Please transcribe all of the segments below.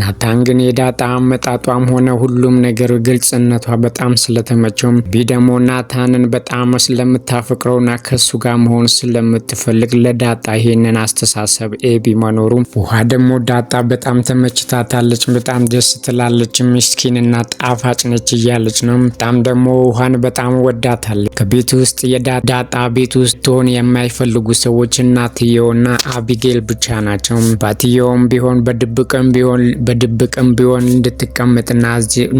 ናታን ግን የዳጣ አመጣጧም ሆነ ሁሉም ነገር ግልጽነቷ በጣም ስለተመቸውም ቢ ደግሞ ናታንን በጣም ስለምታፈቅረውና ከሱ ጋር መሆን ስለምትፈልግ ለዳጣ ይሄንን አስተሳሰብ ኤቢ መኖሩ ውሃ ደግሞ ዳጣ በጣም ተመችታታለች። በጣም ደስ ትላለች። ምስኪንና ጣፋጭ ነች እያለች ነው። በጣም ደግሞ ውሃን በጣም ወዳታለች። ከቤት ውስጥ የዳጣ ቤት ውስጥ ትሆን የማይፈልጉ ሰዎች እናትየውና አቢጌል ብቻ ናቸው። ባትየውም ቢሆን በድብቅም ቢሆን በድብቅም ቢሆን እንድትቀመጥና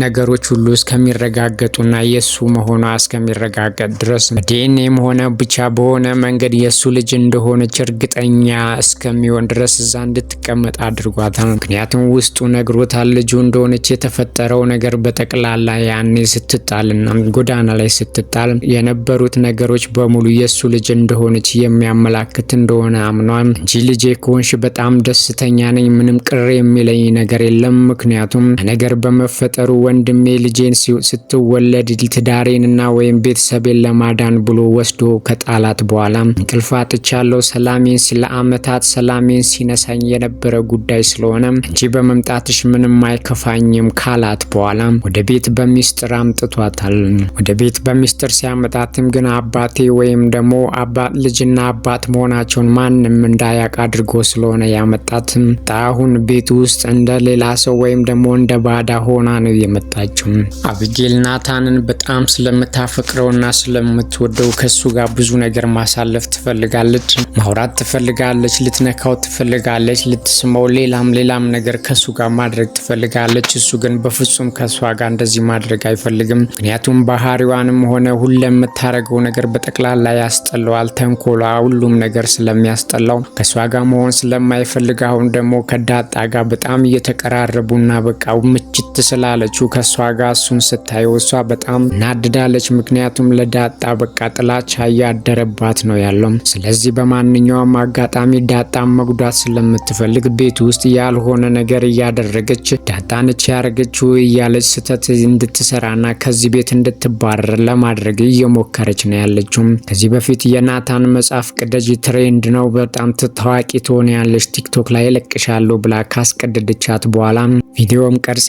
ነገሮች ሁሉ እስከሚረጋገጡና የእሱ መሆኗ እስከሚረጋገጥ ድረስ ዲኤንኤም ሆነ ብቻ በሆነ መንገድ የእሱ ልጅ እንደሆነች እርግጠኛ እስከሚሆን ድረስ እዛ እንድትቀመጥ አድርጓታል። ምክንያቱም ውስጡ ነግሮታል ልጁ እንደሆነች የተፈጠረው ነገር በጠቅላላ ያኔ ስትጣልና ጎዳና ላይ ስትጣል የነበሩት ነገሮች በሙሉ የእሱ ልጅ እንደሆነች የሚያመላክት እንደሆነ አምኗል። እንጂ ልጄ ከሆንሽ በጣም ደስተኛ ነኝ፣ ምንም ቅር የሚለኝ ነገር ነገር የለም። ምክንያቱም ነገር በመፈጠሩ ወንድሜ ልጄን ስትወለድ ትዳሬንና ወይም ቤተሰቤን ለማዳን ብሎ ወስዶ ከጣላት በኋላ እንቅልፍ አጥቻለሁ። ሰላሜን ለአመታት ሰላሜን ሲነሳኝ የነበረ ጉዳይ ስለሆነ እንጂ በመምጣትሽ ምንም አይከፋኝም ካላት በኋላ ወደ ቤት በሚስጥር አምጥቷታል። ወደ ቤት በሚስጥር ሲያመጣትም ግን አባቴ ወይም ደግሞ አባት ልጅና አባት መሆናቸውን ማንም እንዳያቅ አድርጎ ስለሆነ ያመጣትም ጣሁን ቤት ውስጥ እንደ ሌላ ሰው ወይም ደግሞ እንደ ባዳ ሆና ነው የመጣችው። አብጌል ናታንን በጣም ስለምታፈቅረውና ስለምትወደው ከሱ ጋር ብዙ ነገር ማሳለፍ ትፈልጋለች፣ ማውራት ትፈልጋለች፣ ልትነካው ትፈልጋለች፣ ልትስመው፣ ሌላም ሌላም ነገር ከሱ ጋር ማድረግ ትፈልጋለች። እሱ ግን በፍጹም ከእሷ ጋር እንደዚህ ማድረግ አይፈልግም። ምክንያቱም ባህሪዋንም ሆነ ሁሉ የምታደርገው ነገር በጠቅላላ ያስጠላዋል። ተንኮሏ፣ ሁሉም ነገር ስለሚያስጠላው ከእሷ ጋር መሆን ስለማይፈልግ አሁን ደግሞ ከዳጣ ጋር በጣም እየተ እየተቀራረቡና በቃ ምችት ስላለችው ከእሷ ጋር እሱን ስታየው እሷ በጣም ናድዳለች። ምክንያቱም ለዳጣ በቃ ጥላቻ እያደረባት ነው ያለው። ስለዚህ በማንኛውም አጋጣሚ ዳጣን መጉዳት ስለምትፈልግ ቤት ውስጥ ያልሆነ ነገር እያደረገች ዳጣንች ያደረገችው እያለች ስህተት እንድትሰራና ከዚህ ቤት እንድትባረር ለማድረግ እየሞከረች ነው ያለችው። ከዚህ በፊት የናታን መጽሐፍ ቅደጅ ትሬንድ ነው በጣም ታዋቂ ትሆን ያለች ቲክቶክ ላይ እለቅሻለሁ ብላ ካስቀደደቻት ከሰዓት በኋላም ቪዲዮም ቀርጻ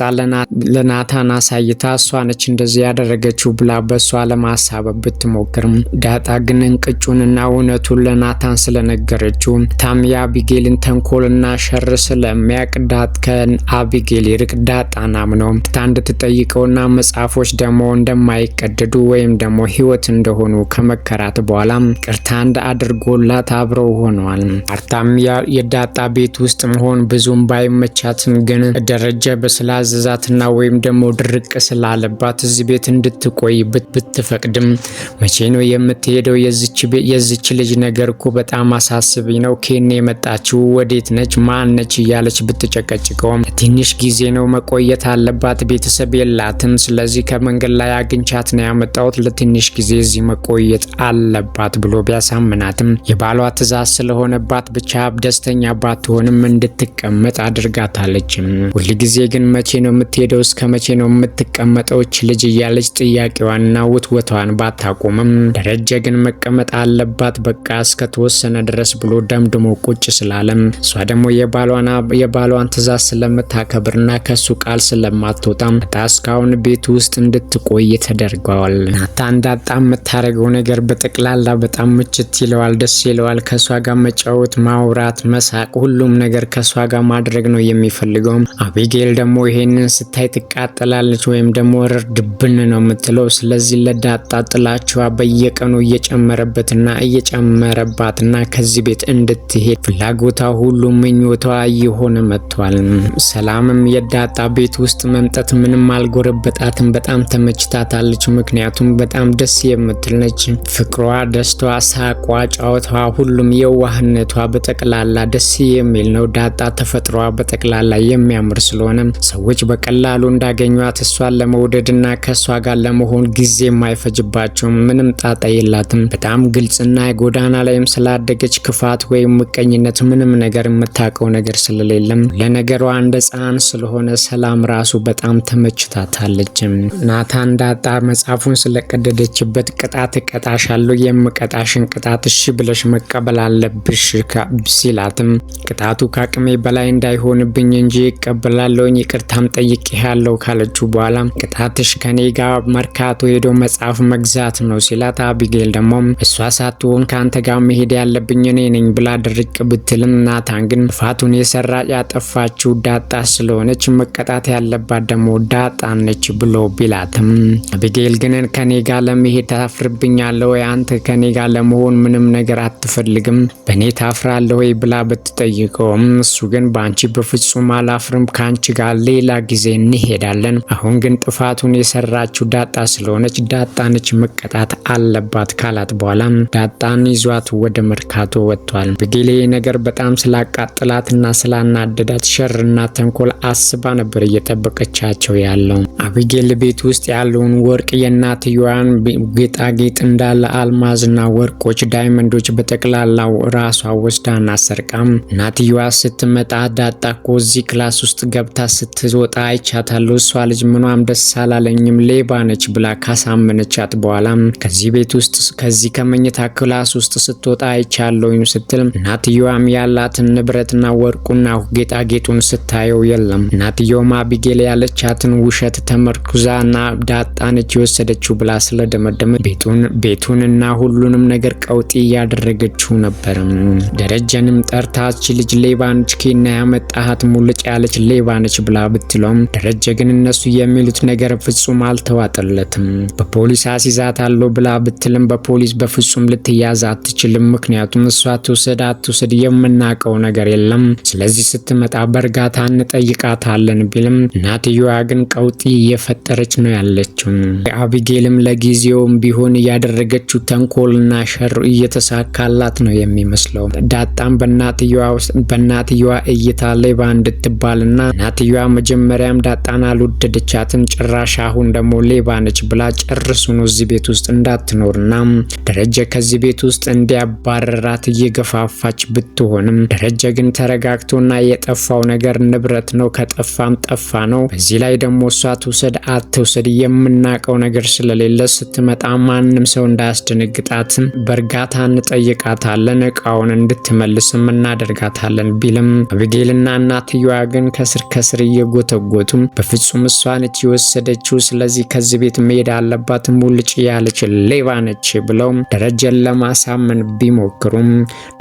ለናታን አሳይታ እሷ ነች እንደዚህ ያደረገችው ብላ በእሷ ለማሳበብ ብትሞክርም ዳጣ ግን እንቅጩንና እውነቱን ለናታን ስለነገረችው ታም የአቢጌልን ተንኮልና ሸር ስለሚያቅ ዳት ከአቢጌል ይርቅ ዳጣን አምኖ እንድትጠይቀውና መጽሐፎች ደግሞ እንደማይቀደዱ ወይም ደግሞ ህይወት እንደሆኑ ከመከራት በኋላ ቅርታ እንደ አድርጎላት አብረው ሆነዋል። አርታም የዳጣ ቤት ውስጥ መሆን ብዙም ባይመቻትም ግን ደረጀ በስላዘዛትና ወይም ደግሞ ድርቅ ስላለባት እዚህ ቤት እንድትቆይ ብትፈቅድም መቼ ነው የምትሄደው? የዚች ልጅ ነገር እኮ በጣም አሳስቢ ነው። ኬን የመጣችው ወዴት ነች? ማን ነች? እያለች ብትጨቀጭቀውም ትንሽ ጊዜ ነው መቆየት አለባት፣ ቤተሰብ የላትም። ስለዚህ ከመንገድ ላይ አግኝቻት ነው ያመጣሁት፣ ለትንሽ ጊዜ እዚህ መቆየት አለባት ብሎ ቢያሳምናትም የባሏ ትዕዛዝ ስለሆነባት ብቻ ደስተኛ ባትሆንም እንድትቀመጥ አድርጋታለች። ሁል ሁልጊዜ ግን መቼ ነው የምትሄደው? እስከ መቼ ነው የምትቀመጠውች ልጅ እያለች ጥያቄዋና ውትወቷን ባታቆምም ደረጀ ግን መቀመጥ አለባት በቃ እስከተወሰነ ድረስ ብሎ ደምድሞ ቁጭ ስላለም እሷ ደግሞ የባሏን ትዕዛዝ ስለምታከብርና ከሱ ቃል ስለማትወጣም እስካሁን ቤት ውስጥ እንድትቆይ ተደርገዋል። ናታ እንዳጣ የምታደርገው ነገር በጠቅላላ በጣም ምችት ይለዋል፣ ደስ ይለዋል። ከእሷ ጋር መጫወት፣ ማውራት፣ መሳቅ ሁሉም ነገር ከእሷ ጋር ማድረግ ነው የሚፈልገው። አትፈልገውም። አቢጌል ደግሞ ይሄንን ስታይ ትቃጠላለች ወይም ደግሞ ርድብን ድብን ነው የምትለው። ስለዚህ ለዳጣ ጥላቸዋ በየቀኑ እየጨመረበትና እየጨመረባትና ከዚህ ቤት እንድትሄድ ፍላጎቷ ሁሉ ምኞቷ እየሆነ መጥቷል። ሰላምም የዳጣ ቤት ውስጥ መምጠት ምንም አልጎረበጣትም። በጣም ተመችታታለች። ምክንያቱም በጣም ደስ የምትል ነች። ፍቅሯ፣ ደስቷ፣ ሳቋ፣ ጫወቷ ሁሉም የዋህነቷ በጠቅላላ ደስ የሚል ነው። ዳጣ ተፈጥሯ በጠቅላላ የሚያምር ስለሆነ ሰዎች በቀላሉ እንዳገኟት እሷን ለመውደድና ከእሷ ጋር ለመሆን ጊዜ የማይፈጅባቸው ምንም ጣጣ የላትም። በጣም ግልጽና የጎዳና ላይም ስላደገች ክፋት ወይም ምቀኝነት ምንም ነገር የምታውቀው ነገር ስለሌለም ለነገሯ እንደ ጻን ስለሆነ ሰላም ራሱ በጣም ተመችታታለች። ናታ እንዳጣ መጽሐፉን ስለቀደደችበት ቅጣት እቀጣሻለሁ፣ የምቀጣሽን ቅጣት እሺ ብለሽ መቀበል አለብሽ ሲላትም ቅጣቱ ከአቅሜ በላይ እንዳይሆንብኝ እንጂ እቀበላለሁኝ ይቅርታም ጠይቄ ያለው ካለችው በኋላ ቅጣትሽ ከኔ ጋር መርካቶ ሄዶ መጽሐፍ መግዛት ነው ሲላት፣ አቢጌል ደግሞ እሷ ሳትሆን ከአንተ ጋር መሄድ ያለብኝ እኔ ነኝ ብላ ድርቅ ብትልም ናታን ግን ፋቱን የሰራ ያጠፋችው ዳጣ ስለሆነች መቀጣት ያለባት ደግሞ ዳጣ ነች ብሎ ቢላትም አቢጌል ግን ከኔ ጋር ለመሄድ ታፍርብኛለሁ ወይ አንተ ከኔ ጋር ለመሆን ምንም ነገር አትፈልግም በእኔ ታፍራለሁ ወይ ብላ ብትጠይቀውም እሱ ግን በአንቺ በፍጹም አለ አላፍርም ከአንቺ ጋር ሌላ ጊዜ እንሄዳለን። አሁን ግን ጥፋቱን የሰራችው ዳጣ ስለሆነች ዳጣነች መቀጣት አለባት ካላት በኋላ ዳጣን ይዟት ወደ መርካቶ ወጥቷል። ብጌሌ ነገር በጣም ስላቃጥላትና ስላናደዳት ሸርና ተንኮል አስባ ነበር እየጠበቀቻቸው ያለው። አቢጌል ቤት ውስጥ ያለውን ወርቅ የእናትየዋን ጌጣጌጥ እንዳለ አልማዝና ወርቆች፣ ዳይመንዶች በጠቅላላው ራሷ ወስዳና ሰርቃም እናትየዋ ስትመጣ ዳጣ እኮ ክላስ ውስጥ ገብታ ስትወጣ አይቻታለሁ። እሷ ልጅ ምኗም ደስ አላለኝም፣ ሌባ ነች ብላ ካሳመነቻት በኋላ ከዚህ ቤት ውስጥ ከዚህ ከመኝታ ክላስ ውስጥ ስትወጣ አይቻለሁኝ ስትል እናትየዋም ያላትን ንብረትና ወርቁና ጌጣጌጡን ስታየው የለም። እናትየውም አቢጌል ያለቻትን ውሸት ተመርኩዛ ተመርኩዛና ዳጣነች የወሰደችው ብላ ስለደመደመ ቤቱን ቤቱንና ሁሉንም ነገር ቀውጢ እያደረገችው ነበርም። ደረጀንም ጠርታች ልጅ ሌባ ነች ኬና ያመጣሃት ሙልጭ ዝቅ ያለች ሌባ ነች ብላ ብትለውም ደረጀ ግን እነሱ የሚሉት ነገር ፍጹም አልተዋጠለትም። በፖሊስ አስይዛታለሁ ብላ ብትልም በፖሊስ በፍጹም ልትያዝ አትችልም። ምክንያቱም እሷ ትውሰድ አትውሰድ የምናውቀው ነገር የለም። ስለዚህ ስትመጣ በእርጋታ እንጠይቃታለን ቢልም እናትየዋ ግን ቀውጢ እየፈጠረች ነው ያለችው። አቢጌልም ለጊዜውም ቢሆን እያደረገችው ተንኮልና ሸር እየተሳካላት ነው የሚመስለው። ዳጣም በእናትየዋ እይታ ሌባ እንድት ትባልና እናትየዋ መጀመሪያም ዳጣን አልወደደቻትም። ጭራሽ አሁን ደግሞ ሌባ ነች ብላ ጨርሱኑ እዚህ ቤት ውስጥ እንዳትኖርና ደረጀ ከዚህ ቤት ውስጥ እንዲያባረራት እየገፋፋች ብትሆንም ደረጀ ግን ተረጋግቶና የጠፋው ነገር ንብረት ነው፣ ከጠፋም ጠፋ ነው። በዚህ ላይ ደግሞ እሷ ትውሰድ አትውሰድ የምናውቀው ነገር ስለሌለ ስትመጣ ማንም ሰው እንዳያስደነግጣት በእርጋታ እንጠይቃታለን፣ እቃውን እንድትመልስም እናደርጋታለን ቢልም አብጌልና እናትየዋ ግን ከስር ከስር እየጎተጎቱም በፍጹም እሷ ነች የወሰደችው፣ ስለዚህ ከዚህ ቤት መሄድ አለባት፣ ሙልጭ ያለች ሌባ ነች ብለው ደረጀን ለማሳመን ቢሞክሩም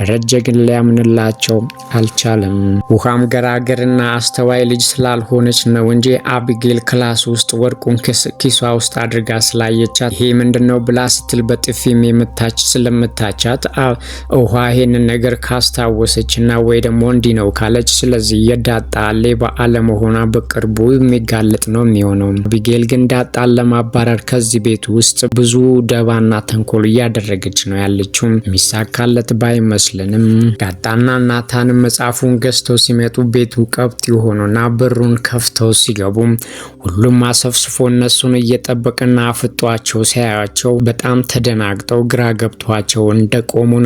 ደረጀ ግን ሊያምንላቸው አልቻለም። ውሃም ገራገርና አስተዋይ ልጅ ስላልሆነች ነው እንጂ አቢጌል ክላስ ውስጥ ወርቁን ኪሷ ውስጥ አድርጋ ስላየቻት ይሄ ምንድነው ብላ ስትል በጥፊም የምታች ስለምታቻት ውሃ ይሄንን ነገር ካስታወሰች እና ወይ ደግሞ እንዲህ ነው ካለች ስለዚህ የዳጣ ዳጣሌ ሌባ አለመሆኗ በቅርቡ የሚጋለጥ ነው የሚሆነው። አቢጌል ግን ዳጣን ለማባረር ከዚህ ቤት ውስጥ ብዙ ደባና ተንኮል እያደረገች ነው ያለችው። የሚሳካለት ባይመስልንም ዳጣና ናታን መጽሐፉን ገዝተው ሲመጡ ቤቱ ቀብጥ የሆኑና በሩን ከፍተው ሲገቡ ሁሉም አሰፍስፎ እነሱን እየጠበቀና አፍጧቸው ሲያያቸው በጣም ተደናግጠው ግራ ገብቷቸው እንደቆሙ ነበር።